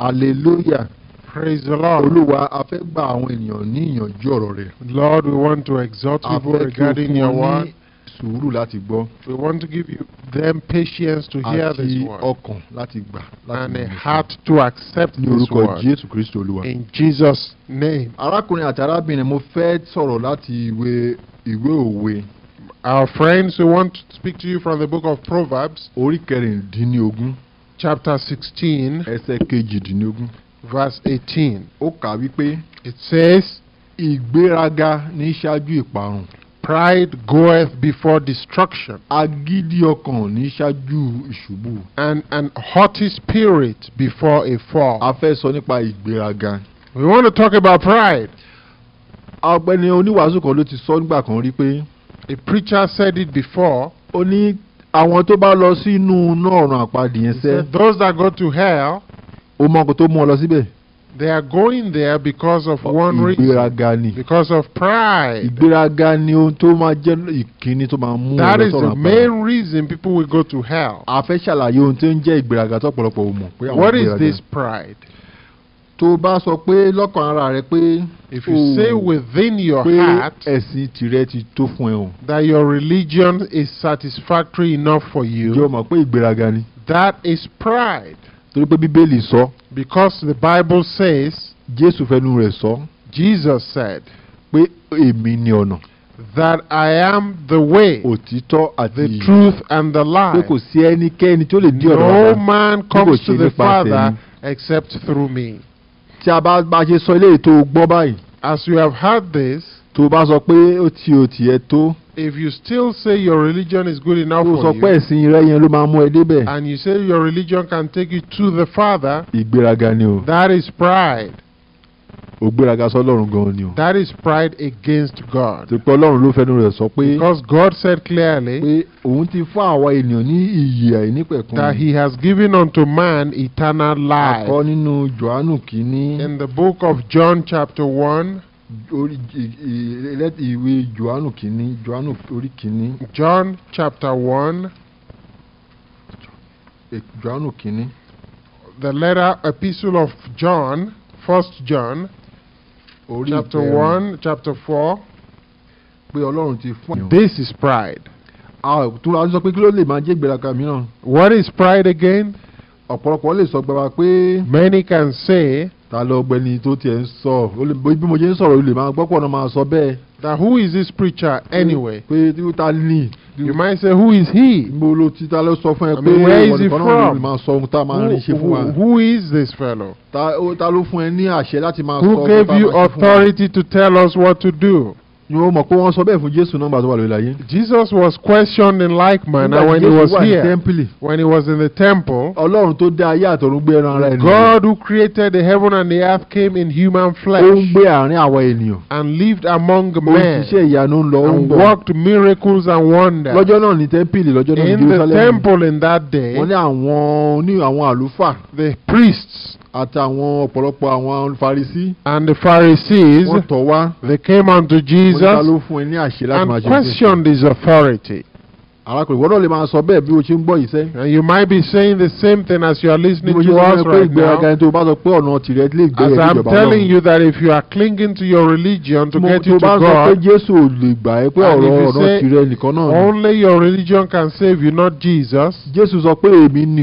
hallelujah. Praise the Lord. Olúwa gba àwọn ènìyàn ní ìyànjú ọ̀rọ̀ rẹ̀. Lord we want to exhort people regarding your word. kí o fún ní sùúrù láti gbọ́. We want to give you them patience to hear this word. Àti ọkàn láti gbà. And a heart to accept this word. Ní orúkọ Jésù Olúwa. In Jesus name. Arákùnrin àti arábìnrin mo fẹ́ sọ̀rọ̀ láti ìwé ìwé òwe. Our friends we want to speak to you from the book of Proverbs. Orí kẹrìndínlógún chapter 16 verse eighteen. it says ìgbéraga ní ìparun. Pride goeth before destruction. Agídí ọkàn ní ìṣubú. And an haughty spirit before a fall. A sọ nípa ìgbéraga. We want to talk about pride. Ọ̀gbẹ́ni oníwàásù kan ló ti sọ nígbà kan rí pé. A preacher said it before. Only àwọn tó bá lọ sínú iná ọ̀run àpáàdì yẹn sẹ́. those that go to hell. o mọ nǹkan tó mú ọ lọ síbẹ̀. they are going there because of one reason. ìgbéraga ni. because of pride. ìgbéraga ni ohun tó máa jẹ́ ìkíni tó máa mú ọ lọ sọ̀rọ̀ àpáàdì. that is the main reason people will go to hell. a fẹ́ ṣàlàyé ohun tó ń jẹ́ ìgbéraga tó ọ̀pọ̀lọpọ̀ ò mọ̀ what is this pride? tó o bá sọ pé lọ́kàn ara rẹ pé. if you say within your heart. pé ẹ̀sìn tìrẹ ti tó fún ẹ o. that your religion is satisfactory enough for you. jọ mọ̀ pé ìgbéraga ni. that is pride. torí pé bíbélì sọ. because the bible says. jésù fẹnu rẹ̀ sọ. jesus said. pé èmi ni ọ̀nà. that I am the way, òtítọ́ àti the truth and the life. pé kò sí ẹnikẹ́ni tó lè dí no man comes to the father except through me tí a bá bá ṣe sọ eléyìí tó gbọ́ báyìí. as you have heard this. tó bá sọ pé ó ti ò tiẹ̀ tó. if you still say your religion is good enough for you. o sọ pé ẹ̀sìn rẹ yẹn ló máa mú ẹ débẹ̀. and you say your religion can take you to the Father. ìgbéraga ni o. that is pride that is pride against God. because God said clearly. that he has given unto man eternal life. in the book of John chapter one john chapter one. the letter epistle of john first john chapter one chapter four this is pride. what is pride again? many can say ta tó tiẹ̀ ń sọ bí mo ń sọ̀rọ̀ olè máa gbọ́pọ̀ náà máa sọ bẹ́ẹ̀. who is this preacher anyway. pé tí ó ta ní. you might say who is he. mo lo ti ta ló sọ fún ẹ pé náà máa sọ ohun tá a máa ṣe fún wa. who is this fellow. ta ló fún ẹ ní àṣẹ láti máa sọ ohun tá a máa ṣe fún wa. who gave you authority to tell us what to do. Jesus was questioned in like manner when he was here when he was in the temple. God who created the heaven and the earth came in human flesh. and lived among men. Ó and worked miracles and wonders. in the temple in that day. the priests àtàwọn ọ̀pọ̀lọpọ̀ àwọn and the Pharisees. wọ́n tọ̀ wá. they came unto Jesus. wọ́n ló fún ẹ ní àṣẹ láti máa and questioned his authority and you might be saying the same thing as you are listening to us right now. as I'm telling you that if you are clinging to your religion to get you to God. mo tó bá sọ only your religion can save you not Jesus. in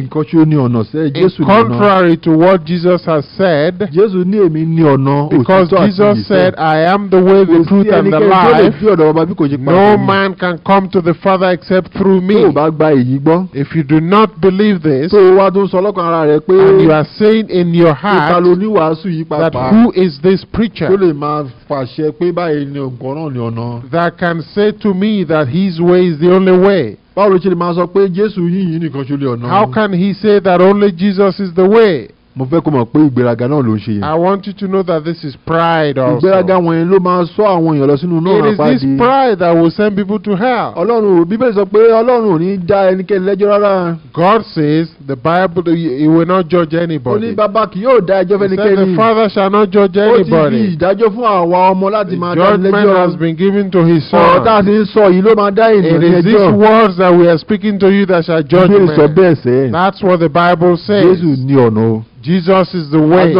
contrary to what Jesus has said. because Jesus said I am the way the truth and the life. no man can come to the Father except through me. if you do not believe this. and you are saying in your heart. that who is this preacher. that can say to me that his way is the only way. how can he say that only Jesus is the way mo fẹ́ kó mọ̀ pé ìgbéraga náà ló ń ṣe yẹn. I want you to know that this is pride also. ìgbéraga wọ̀nyí ló máa sọ àwọn èèyàn lọ sínú náà It is this pride that will send people to hell. Ọlọ́run Bíbélì sọ pé Ọlọ́run ò ní dá ẹnikẹ́ni lẹ́jọ́ rárá. God says the Bible he will not judge anybody. ó ní bàbá kì yóò dá ẹjọ́ fẹ́nikẹ́ni. He said the father shall not judge anybody. ó ti fi ìdájọ́ fún àwa ọmọ láti máa dá ẹni lẹ́jọ́. The judgment has been given to his son. ọ̀rọ̀ ti ń sọ yìí ló máa dá lẹ́jọ́. It is these words that we are speaking to you that shall judge men. That's what the Bible says. Jesus is the way.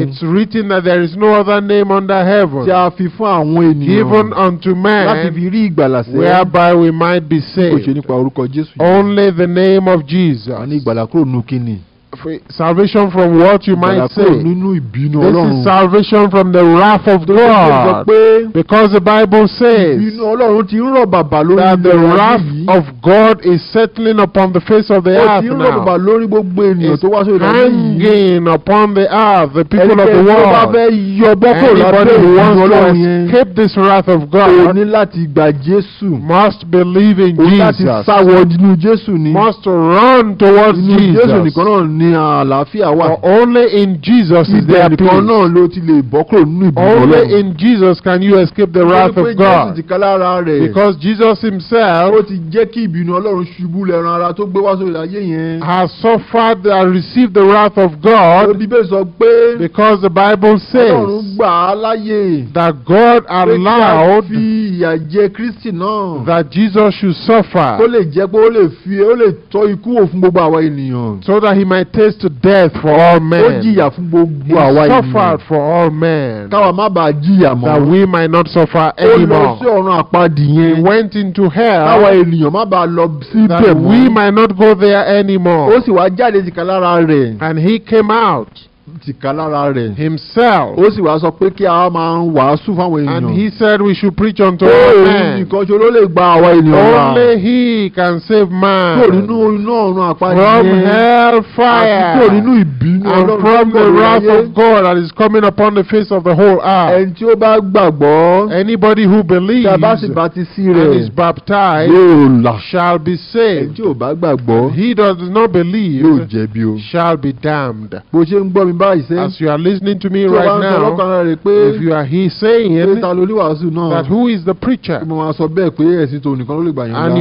it's written that there is no other name under heaven. given unto man whereby we might be saved. only the name of Jesus salvation from what you might say. This is salvation from the wrath of God. Because the Bible says that the wrath of God is settling upon the face of the earth now. It's hanging upon the earth, the people of the world. Anybody who wants to escape this wrath of God must believe in Jesus. Must run towards Jesus ni àlàáfíà wà. only in Jesus is there peace. ibẹ̀ nìkan náà ló ti lè bọ́ kúrò nínú ìbùkún only in Jesus can you escape the wrath of God. because Jesus himself. ó ti jẹ́ kí ìbínú Ọlọ́run ṣubú lẹ́ran ara tó gbé wá sórí ayé yẹn. has suffered and received the wrath of God. ló bíbélì sọ pé. because the Bible says. Ọlọ́run gbà á láyè. that God allowed. fi ìyà jẹ Kristi náà. that Jesus should suffer. lè jẹ́ pé ó lè fi ó lè tọ́ ikú gbogbo àwa ènìyàn. so that he might sentenced to death for all men. he suffered for all men. that we might not suffer anymore. he went into hell. that we might not go there anymore. and he came out himself. ó sì wá sọ pé kí a máa wàásù fáwọn and he said we should preach unto all men. nìkan ṣe ló lè gba àwa ènìyàn wa. only he can save man. kò nínú iná ọ̀run àpáyé. from hell fire. àti kò nínú ìbínú and from the wrath of God that is coming upon the face of the whole earth. ẹni tí ó bá gbàgbọ́. anybody who believes. sì bá ti sí rẹ̀. and is baptized. yóò là. shall be saved. ẹni tí ò bá gbàgbọ́. he does not believe. yóò jẹ̀bi o. shall be damned. bó ṣe ń gbọ́ mi báyìí. Eh? as you are listening to me right now if you are he saying that who is the preacher and you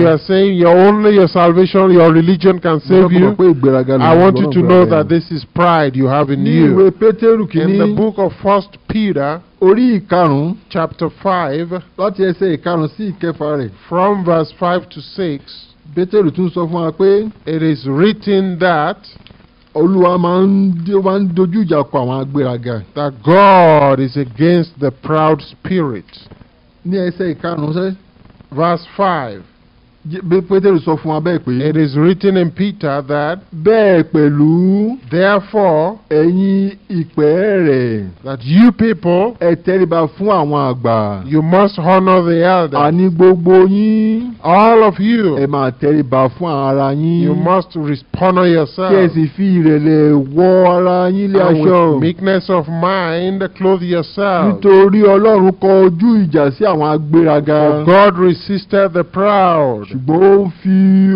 are saying your only your salvation your religion can save you I want you to know that this is pride you have in you in the book of first Peter chapter 5 from verse five to six. it is written that. Olúwa máa ń dojú ìjà kọ àwọn agbéraga. That God is against the proud spirit. Ní ẹsẹ̀ ìkarùn-ún sẹ́. Verse five. It is written in Peter that. Bẹ́ẹ̀ Therefore. That you people. àgbà. You must honour the elders. Àní gbogbo All of you. You must respond yourself. Kí ẹ sì lé And with meekness of mind clothe yourself. Nítorí Ọlọ́run kọ For God resisted the proud ṣùgbọ́n ó fi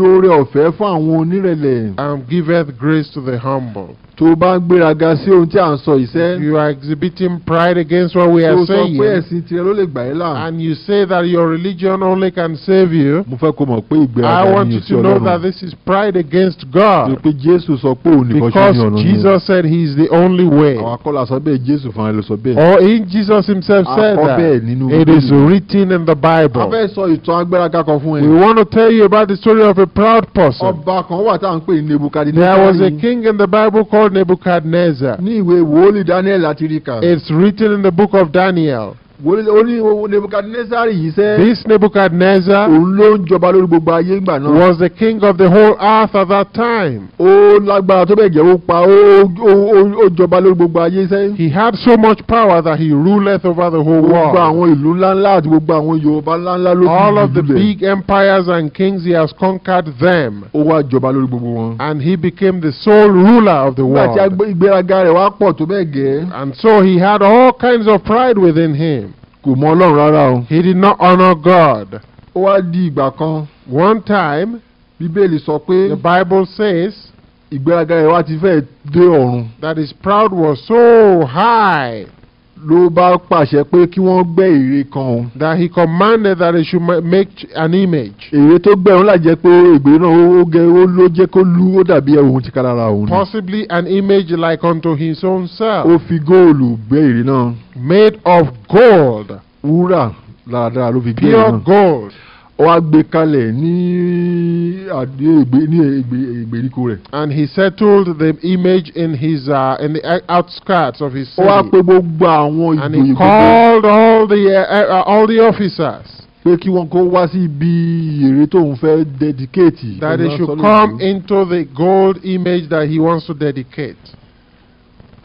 oore ọ̀fẹ́ fún àwọn onírẹ̀lẹ̀. and giveth grace to the humble tó o bá ń gbéraga sí ohun tí à ń sọ ìṣe. you are exhibiting pride against what we are saying. tó o sọ pé ẹ̀sìn tirẹ̀ ló lè gbà ẹ́ là. and you say that your religion only can save you. mo fẹ́ kó mọ̀ pé ìgbéraga ni ìṣe Ọlọ́run. I want you to know that this is pride against God. torí pé Jésù sọ pé òun nìkan ṣe ní ọ̀nà ni. because Jesus said he is the only way. àwọn akọ́lá sọ bẹ́ẹ̀ Jésù fún ẹlẹ́ sọ bẹ́ẹ̀. or in Jesus himself said that. akọ́bẹ̀ nínú Bíbélì. it is written in the Bible. a fẹ́ sọ ìtàn agbéraga kan fún ẹ. we want to tell you about the story of a proud person. ọba kan wà tá à ń pè ní Nebukadnezari. there was a king in the Bible called. Nebuchadnezzar. It's written in the book of Daniel. This Nebuchadnezzar. Was the king of the whole earth at that time. He had so much power that he ruleth over the whole world. All of the big empires and kings he has conquered them. And he became the sole ruler of the world. And so he had all kinds of pride within him kò mọ ọlọ́run rárá o. he did not honour God. ó wá di ìgbà kan. one time. bíbélì sọ pé. the bible says. ìgbéraga wá ti fẹ́ dé ọ̀run. that his pride was so high. ló bá pàṣẹ pé kí wọ́n gbẹ́ ère kan. that he commanded that they should make an image. ère tó gbẹ́ òun lájẹ́ pé ìgbé náà ó gẹ ó ló jẹ́ kó lu ó dàbí ẹ̀hún ti kára ara òun. possibly an image like unto his own self. ó fi góòlù gbẹ́ ère náà. made of gold. wúrà dáradára ló fi gbé ère náà. pure gold. and he settled the image in his uh, in the outskirts of his city. and he called all the uh, uh, all the officers. tó that they should come into the gold image that he wants to dedicate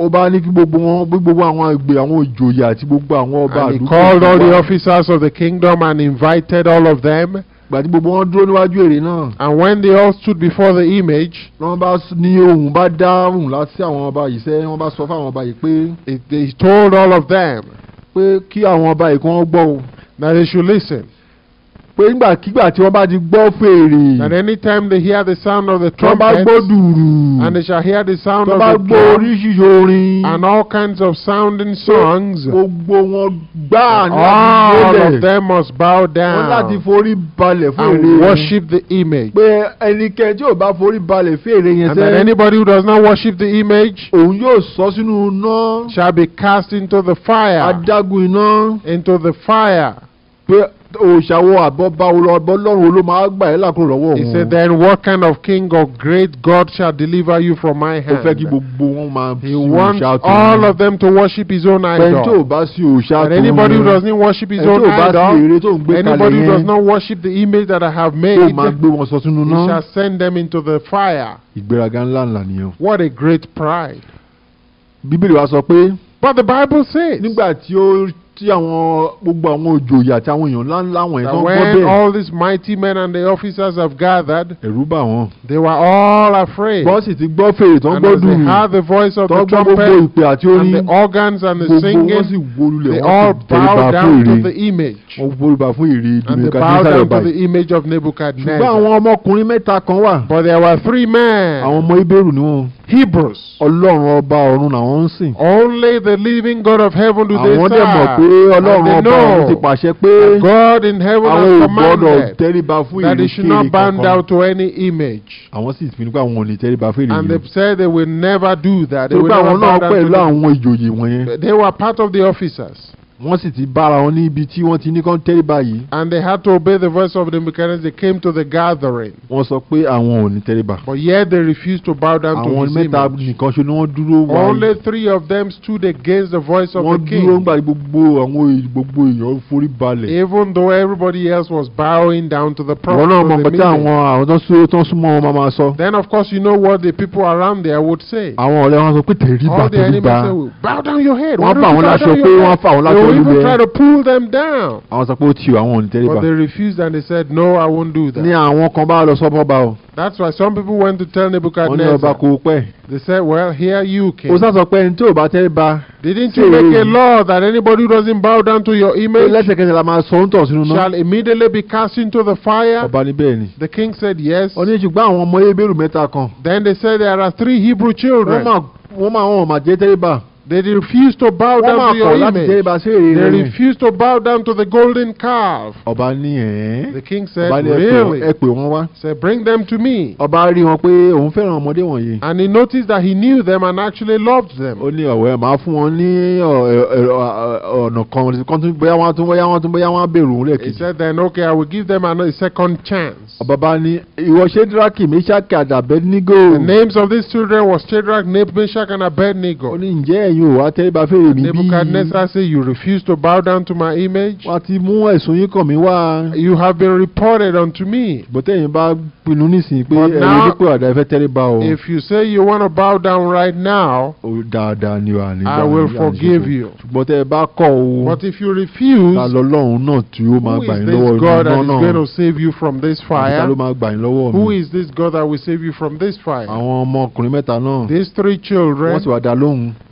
ní kí gbogbo wọn gbogbo àwọn ìgbè àwọn àti gbogbo àwọn ọba he called all the officers of the kingdom and invited all of them. gbogbo wọn dúró níwájú ère and when they all stood before the image. wọ́n bá ní ohùn bá láti àwọn ọba sẹ́ wọ́n bá sọ àwọn ọba pé. he told all of them. pé kí àwọn ọba gbọ́ o. they should listen pé nígbàkigbà tí wọ́n bá ti gbọ́ fèrè. anytime they hear the sound of the trumpet. tọ́ bá gbọ́ dùrù. and they shall hear the sound of the trumpet. tọ́ bá gbọ́ oríṣiríṣi orin. and all kinds of sounding songs. gbogbo wọn gbà ní all of them must bow down. wọ́n láti forí balẹ̀ and worship the image. pé ẹnikẹ́ni tí ò bá forí balẹ̀ yẹn sẹ́. and anybody who does not worship the image. òun yóò sọ sínú iná. shall be cast into the fire. adágún iná. into the fire. pé òṣàwọ àbọ̀bá ló máa gbà ẹ́ he said then what kind of king or great God shall deliver you from my hand. ó fẹ́ kí gbogbo wọn máa tó. he wants all of them to worship his own idol. pẹ̀lú bá sí tó. and anybody who does not worship his own idol. anybody who does not worship the image that I have made. ó máa gbé wọn sọ sínú náà. he shall send them into the fire. ìgbéraga ńlá ńlá nìyẹn. what a great pride. bíbélì wa sọ pé. but the bible says. nígbà tí ó tí àwọn gbogbo àwọn òjòyè àti àwọn èèyàn ńláńlá wọn ìtàn gbọ́ bẹ́ẹ̀. when all these mighty men and the officers have gathered. ẹ̀rù bà wọ́n. they were all afraid. bọ́sì ti gbọ́ fèrè tán gbọ́ and as they heard the voice of the trumpet. and the organs and the singing. gbogbo wọn sì wólulẹ̀ they all bowed down to the image. and they bowed down to the image of Nebuchadnezzar. ṣùgbọ́n àwọn ọmọkùnrin mẹ́ta kan wà. but there were three men. àwọn ọmọ ibèrù ni wọ́n. Hebrews. ọlọ́run ọba ọ̀run làwọn ń sìn. only the living God of heaven do they serve. àwọn dẹ̀ mọ̀ pé ọlọ́run ọba ọ̀run ti pàṣẹ pé àwọn ò gbọ́dọ̀ fún kankan. that they should not bow down to any image. àwọn sì pé àwọn ò fún and they said they will never do that. àwọn náà pẹ̀lú àwọn ìjòyè wọ̀nyẹn. they were part of the officers wọ́n sì ti bára wọn ní ibi tí wọ́n ti ní kán kan báyìí. and they had to obey the voice of the mechanics they came to the gathering. wọ́n sọ pé àwọn ò ní but yet they refused to bow down to his image. àwọn mẹ́ta nìkan ṣo ni wọ́n dúró wáyé. only three of them stood against the voice of wọ́n the king. wọ́n dúró gbogbo àwọn gbogbo èèyàn forí balẹ̀. even though everybody else was bowing down to the prophet. wọ́n náà mọ̀ àwọn àwọn tó súnmọ́ wọn máa sọ. then of course you know what the people around there would say. àwọn ọ̀rẹ́ wọn sọ pé all the enemies say bow down your head. wọ́n láṣọ pé wọ́n fà láṣọ so even try to pull them down. I was pé ó you, I ò ní tẹ́lẹ̀ But they refused and they said no I won't do that. Ní àwọn kan bá lọ sọ́bọ̀ bá o. That's why some people went to tell Nebuchadnezzar. Wọ́n They said well here you came. O sá ò bá. Didn't you make a law that anybody who doesn't bow down to your image. tọ̀ Shall immediately be cast into the fire. The king said yes. Then they said there are three Hebrew children. They refuse to bow down to your image. They refuse to bow down to the golden calf. The king said, Really? said, Bring them to me. And he noticed that he knew them and actually loved them. He said, Then, okay, I will give them a second chance. The names of these children were Shadrach, Meshach, and Abednego. Nebuchadnezzar you refuse to bow down to my image. you have been reported unto me. if you say you wanna bow down right now. I will forgive you. but if you refuse. who is this God that is going to save you from this fire? who is this God that will save you from this fire? these three children.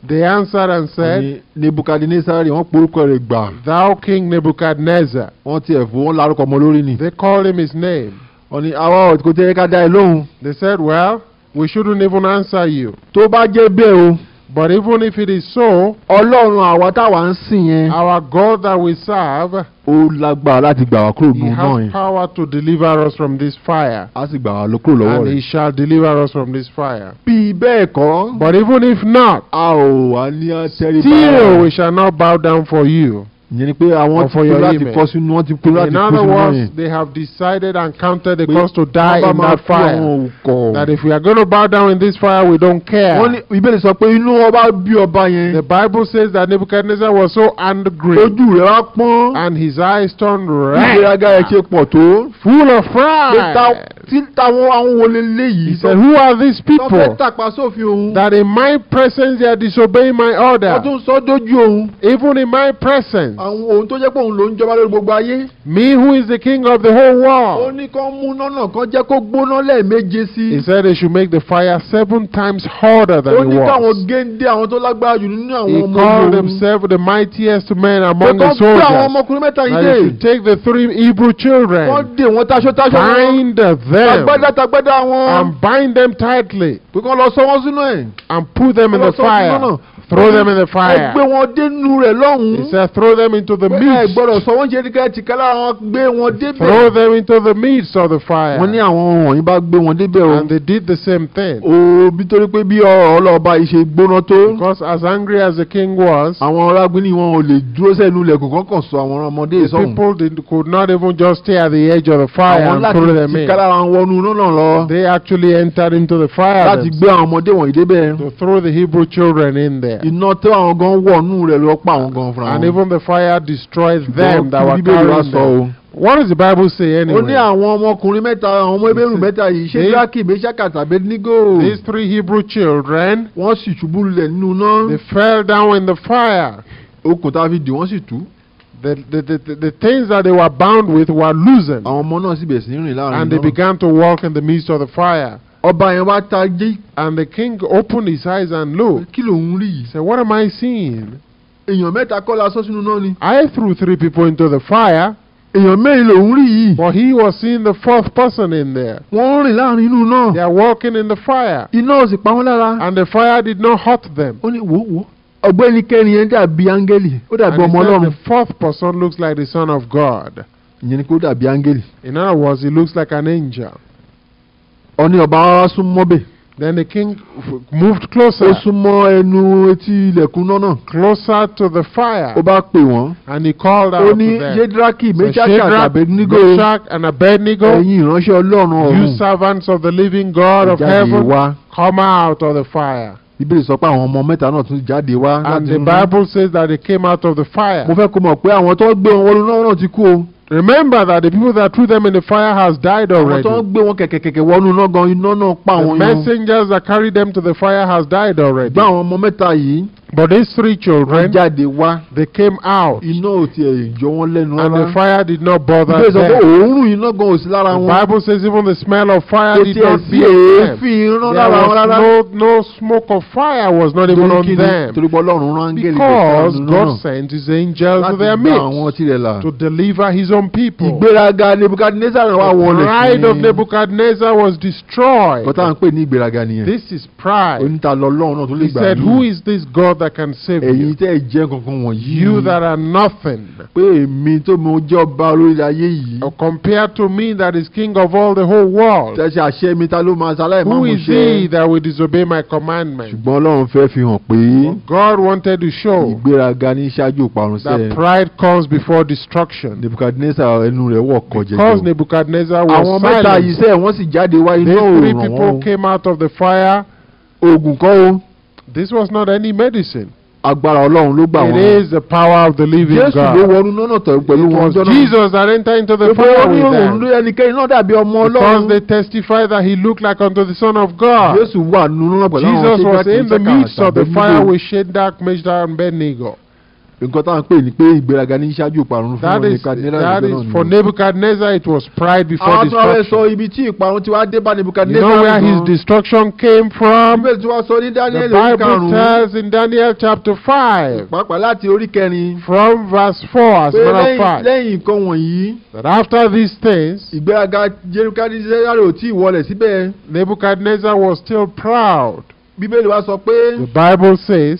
they answered and said. Nebuchadnezzar wọ́n porúkọ rẹ̀ gbà. Thou King Nebuchadnezzar. Wọ́n tiẹ̀ fún wọn lárúkọ ọmọ lórí ni. They called him his name. Wọ́n ní àwa ọ̀tí kò tẹ́ ká dá ẹ lóhùn. They said well we shouldn't even answer you. Tó bá jẹ́ bẹ́ẹ̀ o. But even if it is so, Ọlọ́run àwa táwa ń sìn yẹn. Our God that we serve. Ó lágbára láti gbà wá kúrò nínú náà He has power to deliver us from this fire. Á sì gbà wá kúrò lọ́wọ́ rẹ̀. And he shall deliver us from this fire. Bí bẹ́ẹ̀ kọ́. But even if not. A ò wá ní àtẹríba. Still we shall not bow down for you ìyẹn ni pé àwọn ti pinnu láti fọ́ sínú wọn ti pinnu láti kú sínú in other words they have decided and counted the cost to die in that fire that if we are going to bow down in this fire we don't care. wọ́n ní ìbéèrè sọ pé inú ọba bí ọba yẹn. the bible says that Nebuchadnezzar was so angry. ojú rẹ̀ wá pọ́n. and his eyes turned red. ìgbéraga ẹ̀ ṣe pọ̀ tó. full of fire tí àwọn àwọn wo he said who are these people. that in my presence they are disobeying my order. even in my presence. me who is the king of the whole world. he said they should make the fire seven times harder than it was. he called himself the mightiest man among the soldiers. kókó and he should take the three Hebrew children. bind them them. tagbádá tagbádá wọn. and bind them tightly. pé kí wọ́n lọ sọ wọ́n sínú ẹ̀. and put them in the fire throw them in the fire. he said throw them into the midst. throw them into the midst of the fire. and they did the same thing. because as angry as the king was. the people could not even just stay at the edge of the fire and throw them in. they actually entered into the fire. to throw the Hebrew children in there iná tí àwọn gan rẹ̀ ló pa àwọn gan fúnra wọn. and even the fire destroyed them that were carrying them. What does the Bible say anyway? ó ní àwọn ọmọkùnrin mẹ́ta àwọn ọmọ ebéèrú mẹ́ta yìí ṣé méṣàkà tàbí nígò. these three Hebrew children. wọ́n sì ṣubú lulẹ̀ nínú they fell down in the fire. okùn tá a fi dì wọ́n sì tú. The, the, the, the things that they were bound with were loosened. àwọn ọmọ náà sì sí rìn láàrin náà. and they began to walk in the midst of the fire ọba yẹn wá tají and the king opened his eyes and looked. kí lòun rí yìí. what am I seeing. èèyàn mẹ́ta kọ́ la sọ sínú náà ni. I threw three people into the fire. èèyàn mẹ́rin lòun rí yìí. for he was seeing the fourth person in there. wọ́n ń rìn láàrin inú náà. they are walking in the fire. iná ò sì pa wọ́n lára. and the fire did not hurt them. ó ní wò wò ọ̀gbẹ́ni kẹrin yẹn dàbí áńgẹ́lì ó dàbí ọmọ Ọlọ́run. and he said the fourth person looks like the son of God. ìyẹn ni pé dàbí áńgẹ́lì. in other words he looks like an angel ọ̀ní ọba wa Then the king moved closer. Closer to the fire. wọ́n. And he called out to them. Ó ní Meshach and Abednego. Meshach You servants of the living God of heaven. Come out of the fire. And the Bible says that they came out of the fire. Remember that the people that threw them in the fire has died already. The messengers that carried them to the fire has died already. But these three children, they came out. You know, And the fire did not bother them. The Bible says even the smell of fire did not be no, no smoke of fire was not even on them. Because God sent his angels to their midst. To deliver his own people. The pride of Nebuchadnezzar was destroyed. This is pride. He said who is this God that can save you. you that are nothing. or compared to me that is king of all the whole world. who is he that will disobey my commandment. God wanted to show. that pride comes before destruction. because Nebuchadnezzar was silent. the three people came out of the fire. This was not any medicine. Agbára Ọlọ́run ló gbà wọ́n. It is the power of the living Jesus God. Jésù ló wọnú tẹ̀ pẹ̀lú wọn Jesus that entered into the power with them. Gbogbo òun ló ẹnikẹ́ni náà dàbí ọmọ Ọlọ́run. Because they testified that he looked like unto the son of God. Jésù wà nínú náà pẹ̀lú àwọn ṣẹ́ka Jesus was in the midst of the fire with Shadrach, Meshach and Abednego nǹkan táwọn pè ní ìparun fún Nebukadnezar náà ni. that fun naa ni thats for Nebuchadnezzar it was pride before ah, destruction. àwọn sọ ibi tí ìparun ti wá dé bá nebuchadnezzar. you know where his destruction came from. ìbéèrè tí wọ́n sọ ní Daniel orí karùn-ún. the Bible tells in Daniel chapter five. pàápàá láti orí kẹrin. from verse four as a matter of fact. he lẹ́yìn nǹkan wọ̀nyí. that after these things. ìgbéraga ò tí ì wọlẹ̀ síbẹ̀. was still proud. bíbélì wa sọ pé. the Bible says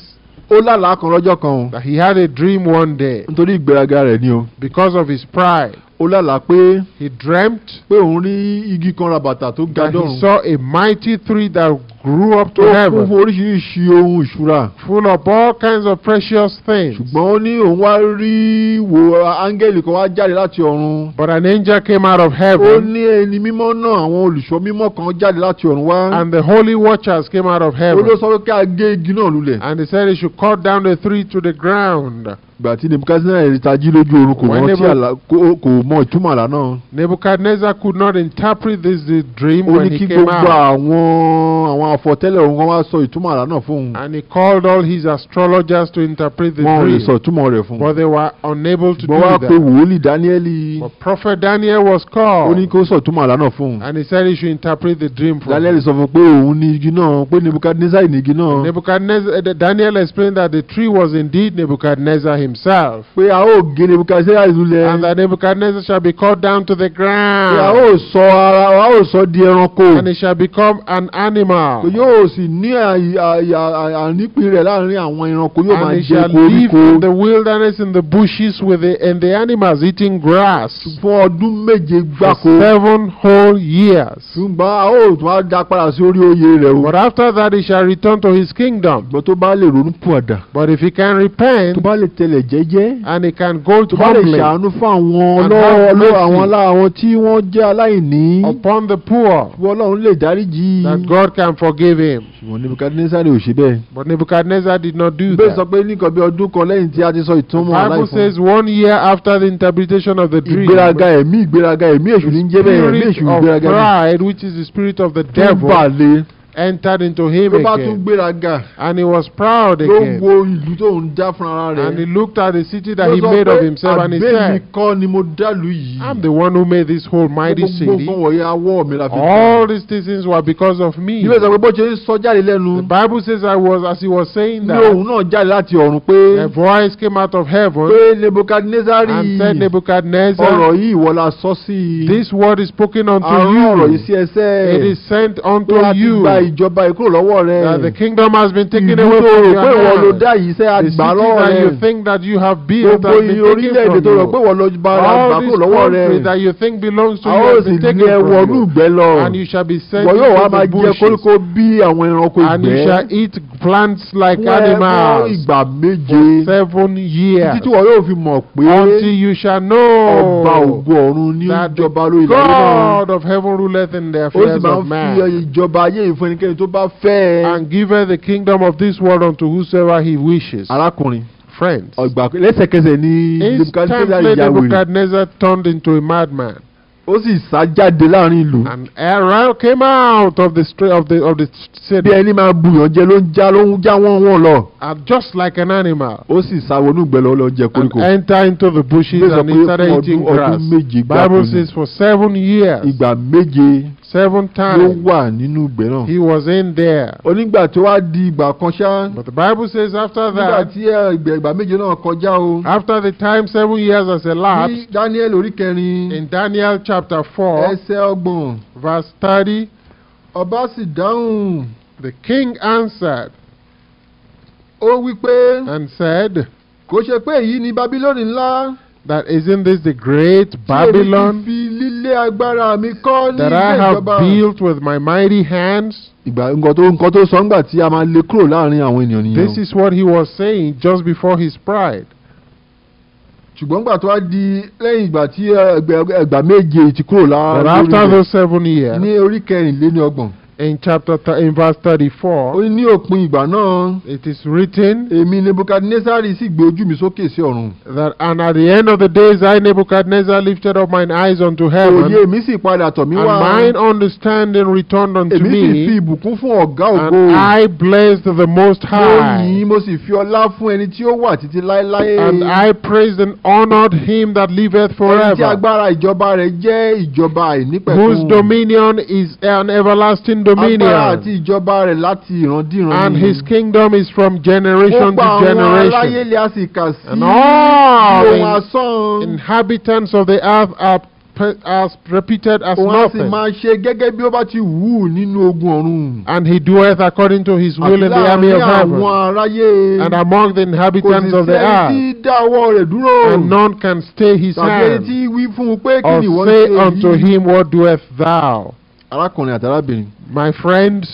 ó lálàá kan lọ́jọ́ kan. that he had a dream one day. nítorí ìgbéraga rẹ̀ ni o. because of his pride ó lálàá pé. he dreamt. pé òun rí igi kan ra bàtà tó ga dọ̀run. that he saw a mighty tree that grew up to heaven. tó kún fún oríṣiríṣi ohun ìṣúra. full of all kinds of precious things. ṣùgbọ́n ó ní òun wá rí wo áńgẹ́lì kan wá jáde láti ọ̀run. but an angel came out of heaven. ó ní ẹni mímọ́ náà àwọn olùṣọ́ mímọ́ kan jáde láti ọ̀run wá. and the holy watchers came out of heaven. ó ló sọ pé kí a gé igi náà lulẹ̀. and he said he should cut down the tree to the ground but Nebuchadnezzar ẹ̀ríta jí lójú oorun tí àlá kò mọ Nebuchadnezzar could not interpret this dream when he came out. kí àwọn àwọn àfọ̀tẹ́lẹ̀ wá sọ ìtumọ̀ àlá náà fún and he called all his astrologers to interpret the dream. sọ rẹ̀ fún but they were unable to do that. wọ́n wá Daniel. but prophet Daniel was called. ó kó sọ ìtumọ̀ fún and he said he should interpret the dream for Daniel sọ fún pé ní igi pé Nebuchadnezzar ní igi Nebuchadnezzar Daniel explained that the tree was indeed Nebuchadnezzar himself himself. and that Nebuchadnezzar shall be cut down to the ground. and he shall become an animal. and he shall live in the wilderness in the bushes with the and the animals eating grass. for seven whole years. but after that he shall return to his kingdom. but if he can repent rẹ̀ jẹ́jẹ́. and he can go to humbly. bá lè ṣàánú fún àwọn ọlọ́wọ́ àwọn aláwọ̀ tí wọ́n jẹ́ aláìní. upon the poor. wọ́n Ọlọ́run lè dáríjì. that God can forgive him. ṣùgbọ́n Nebuchadnezzar ò ṣe bẹ́ẹ̀. but Nebuchadnezzar did not do that. bẹ́ẹ̀ sọ pé ní bí ọdún kan lẹ́yìn tí a ti sọ ìtumọ̀ aláìfún. the Bible says one year after the interpretation of the dream. ìgbéraga ẹ̀mí ìgbéraga ẹ̀mí èṣù ní jẹ́ bẹ́ẹ̀ ẹ̀mí èṣù ìgbéraga ẹ̀mí. the spirit of pride which is the spirit of the devil entered into him again. and he was proud again. and he looked at the city that he made of himself and he said. yìí. I'm the one who made this whole mighty city. all these things were because of me. the bible says I was as he was saying that. ní a voice came out of heaven. and said Nebuchadnezzar. this word is spoken unto you. it is sent unto you ìjọba lọ́wọ́ rẹ. that the kingdom has been taken away from your hand. ló dá yìí sẹ́ rẹ. the city that you think that you have built been taken from you. gbogbo orílẹ̀-èdè tó pé ló lọ́wọ́ rẹ. all that you think belongs to you has been taken from you. sì ní ìgbẹ́ lọ. and you shall be sent into the bushes. wọ́n yóò wá máa jẹ bí àwọn ẹranko ìgbẹ́. and you shall eat plants like animals. fún ìgbà méje. for seven years. títí wọ́n yóò fi mọ̀ pé. until you shall know. God of heaven in the affairs of man ẹnikẹ́ni tó bá fẹ́ and give her the kingdom of this world unto whosoever he wishes. arákùnrin. friends. ọgbà lẹ́sẹ̀kẹsẹ̀ ni His ìyàwó rẹ̀. instantly nebukadnezar turned into a madman ó sì sá jáde láàrin ìlú. and Aaron came out of the street of the of the city. bí ẹni máa bùyàn jẹ ló ń já ló ń já wọ́n wọ́n lọ. and just like an animal. ó sì sá wọnú ìgbẹ́ lọ jẹ koríko. and enter into the bushes and he started eating grass. ọdún méje Bible says for seven years. ìgbà méje. seven times. ló wà nínú ìgbẹ́ náà. he was in there. onígbà di ìgbà kan ṣá. but the Bible says after that. nígbà tí ìgbà méje náà kọjá o. after the time seven years has elapsed. ní Daniel orí kẹrin. in Daniel chapter chapter four. verse thirty. ọba the king answered. and said. that isn't this the great Babylon that I have built with my mighty hands? This is what he was saying just before his pride. ṣùgbọ́n gbà tó wá di lẹ́yìn ìgbà tí eh, ẹgbà méje ti kúrò lára lórí rẹ̀ ní orí kẹrìnléní ọgbọ̀n. in chapter in verse thirty-four. ó ní òpin ìgbà náà. it is written. èmi Nebuchadnezzar sì gbé ojú mi sókè sí ọ̀run. that and at the end of the days I Nebuchadnezzar lifted up mine eyes unto heaven. òye sì padà tọ̀ mí wá. and mine understanding returned unto me. èmi sì fi ìbùkún fún ọ̀gá ògo. and I blessed the most high. mo yìn mo sì fi ọlá fún ẹni tí ó wà títí láéláé. and I praised and honoured him that liveth forever. ẹni tí agbára ìjọba rẹ̀ jẹ́ ìjọba whose dominion is an everlasting dominion dominion. and his kingdom is from generation to generation. and all the inhabitants of the earth are as repeated as nothing. And he doeth according to his will in the army of heaven. And among the inhabitants of the earth. And none can stay his hand. Or say unto him what doeth thou arákùnrin àti arábìnrin. my friends.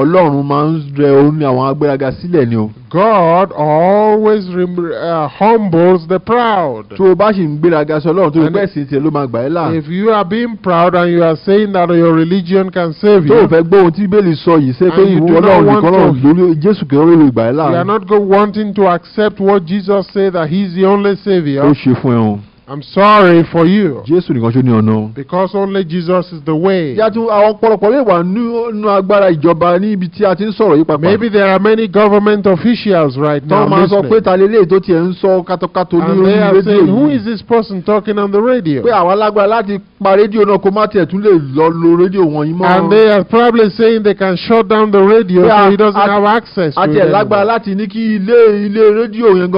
Ọlọ́run máa ń rẹ orí àwọn agbéraga sílẹ̀ ni o. God always uh, humbles the proud. Tó o bá sì ń gbéraga Ọlọ́run tó o bẹ́ẹ̀ sì tiẹ̀ ló máa gbà ẹ́ là. If you are being proud and you are saying that your religion can save you. Tó o fẹ́ gbọ́ ohun tí Bíbélì sọ yìí ṣe pé ìwọ Ọlọ́run nìkan lórí Jésù kìí lórí ìgbà ẹ̀ là. You are not wanting to accept what Jesus said that he is the only saviour. Ó ṣe fún ẹ o. I'm sorry for you. Jésù nìkan ṣó ní ọ̀nà. Because only Jesus is the way. Yàtú àwọn lè wà nínú agbára ìjọba tí a ti ń sọ̀rọ̀ yìí pàpà. Maybe there are many government officials right now listening. Tọ́ máa sọ pé ta lélẹ̀ tó tiẹ̀ ń sọ katokato ní rédíò yìí. And they are saying who is this person talking on the radio? Pé àwọn alágbára láti pa rédíò náà kó má tiẹ̀ tún lè lọ lo rédíò wọn yìí mọ́. And they are probably saying they can shut down the radio so he doesn't have access to it. Àti ẹ̀ lágbára láti ní kí ilé ilé rédíò yẹn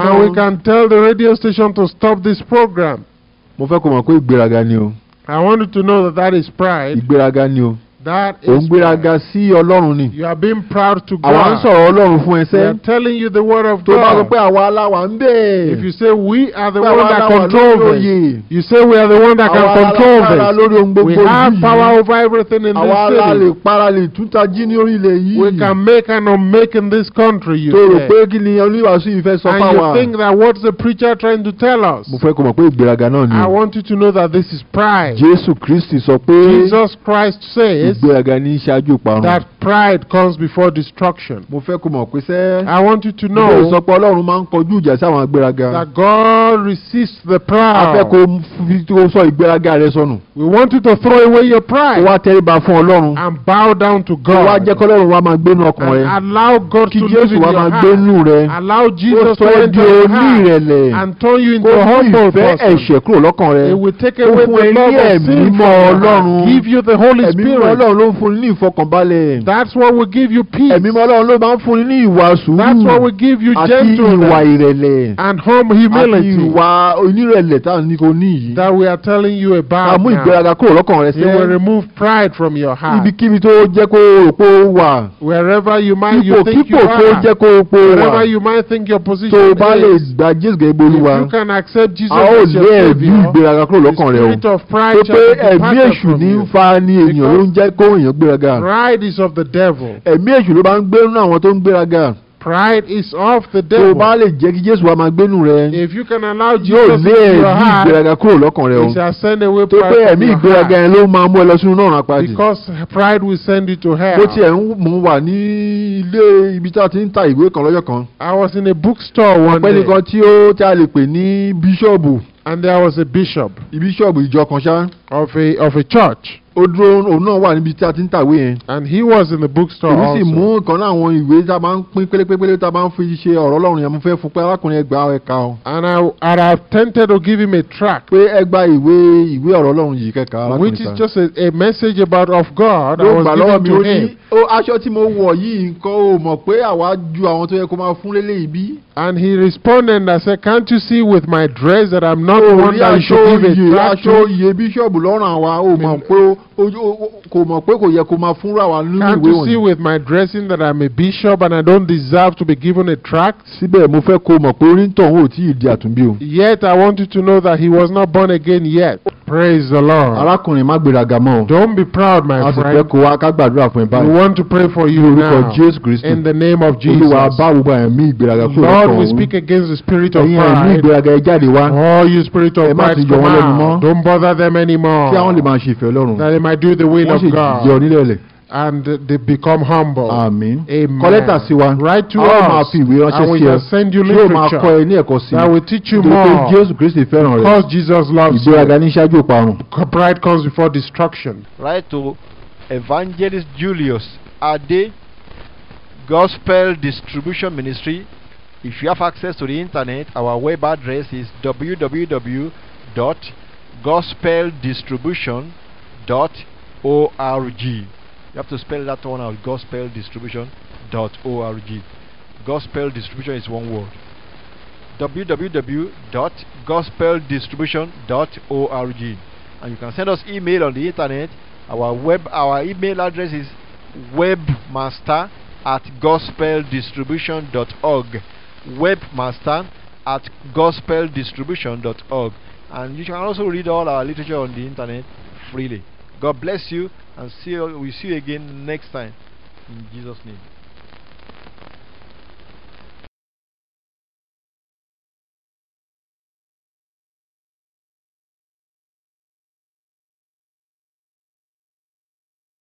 And we can tell the radio station to stop this program. I want you to know that that is pride. That is. ń gbéraga you are being proud to God. àwa ń are telling you the word of God. if you say we are the one that controls them. you say we are the one that can control them. we have power over everything in this city. we can make and unmake in this country you say. and you think that what's the preacher trying to tell us. I want you to know that this is pride. Jesus Christ says is that pride comes before destruction. I want you to know. that God resists the proud. we want you to throw away your pride. and bow down to God. and allow God to live in your heart. allow Jesus to enter your heart. kó sọ and turn you into a humble person. it will take away the love of sin. give you the Holy Spirit. Ọlọ́run ló ń fún ní ìfọkànbalẹ̀. that's what will give you peace. ẹ̀mí Ọlọ́run ló máa ń fún ní ìwà sùúrù. that's what will give you gentleness. àti ìwà ìrẹ̀lẹ̀. and humble humility. àti ìwà onírẹ̀lẹ̀ táwọn ní kò ní yìí. that we are telling you about now. àmú ìgbéraga kúrò lọ́kàn rẹ sẹ́wọ́n. you will remove pride from your heart. ibikíbi tó jẹ́ kó o pò wà. wherever you might you think you are. ipò kípò tó jẹ́ kó o pò wà. wherever you might think your position is. tó o bá lè gba Jésù gẹ́gẹ́ bí if you can accept Jesus as your saviour. a ó lé ẹ̀mí ìgbéraga kúrò lọ́kàn rẹ o. the spirit of pride shall be part of you. tó pé ẹ̀mí èṣù ní ń fa ni ènìyàn ló ń jẹ́ kó èèyàn gbéraga. pride is of the devil. ẹ̀mí èṣù ló bá ń gbénu àwọn tó ń gbéraga. Pride is of the devil. tó o bá lè jẹ́ kí Jésù wa máa gbénu rẹ. if you can allow Jesus into your heart. yóò lé ẹ̀mí ìgbéraga kúrò lọ́kàn rẹ o. it shall send away pride from your heart. tó pé ẹ̀mí ìgbéraga yẹn ló máa mú ẹ lọ sínú náà apáàdì. because pride will send you to hell. bó tiẹ̀ ń mú wà ní ilé ibi tá a ti ń ta ìwé kan lọ́jọ́ kan. I was in a bookstore one day. ọ̀pẹ́ni kan tí ó tí a lè and there was a bishop. bishop ìjọ kan ṣá. of a of a church. tí a ti ń tàwé yẹn. and he was in the bookstore also. sì mú kan àwọn ìwé tá ń pín pélépélé tá ń fi ṣe ọ̀rọ̀ yẹn mo fẹ́ fún pé arákùnrin o. and I and I attempted to give him a track, pé ìwé ìwé ọ̀rọ̀ yìí kẹ́ka arákùnrin which is just a, a message about of God that was given to him. ó aṣọ tí mo wọ̀ yìí nǹkan ò mọ̀ pé àwa ju àwọn tó yẹ kó máa fún lélẹ̀ ìbí. and he responded and said can't you see with my dress that I'm not the one that you should give a track?" to. orí aṣọ iye bíṣọ̀bù lọ́rùn àwa ò mọ̀ pé ó kò mọ̀ pé kò yẹ kó máa fúnra wa iwe ìwé wọ̀nyí. can't you see with my dressing that I'm a bishop and I don't deserve to be given a tract. síbẹ̀ mo fẹ́ kó mọ̀ pé tí àtúnbí o. yet I want you to know that he was not born again yet. Praise the Lord. mọ́. Don't be proud my friend. We want to pray for you now. In the name of Jesus. Olúwa bá Lord we speak against the spirit of pride. Ẹ̀yin All you spirit of pride come out. mọ́. Don't bother them anymore. Kí That they might do the will of God and they become humble. Amen. Amen. Kọ́ lẹ́tà sí Write to us. Àwọn And we will send you literature. I will teach you more. Nítorí pé Jésù Kristi Because Jesus loves you. Pride comes before destruction. Write to Evangelist Julius Ade Gospel Distribution Ministry. If you have access to the internet, our web address is www.gospeldistribution.org. You have to spell that one out, gospeldistribution.org. Gospel distribution is one word. www.gospeldistribution.org. And you can send us email on the internet. Our web our email address is webmaster at gospeldistribution.org. Webmaster at gospeldistribution.org. And you can also read all our literature on the internet freely. God bless you and see you, we see you again next time in Jesus name.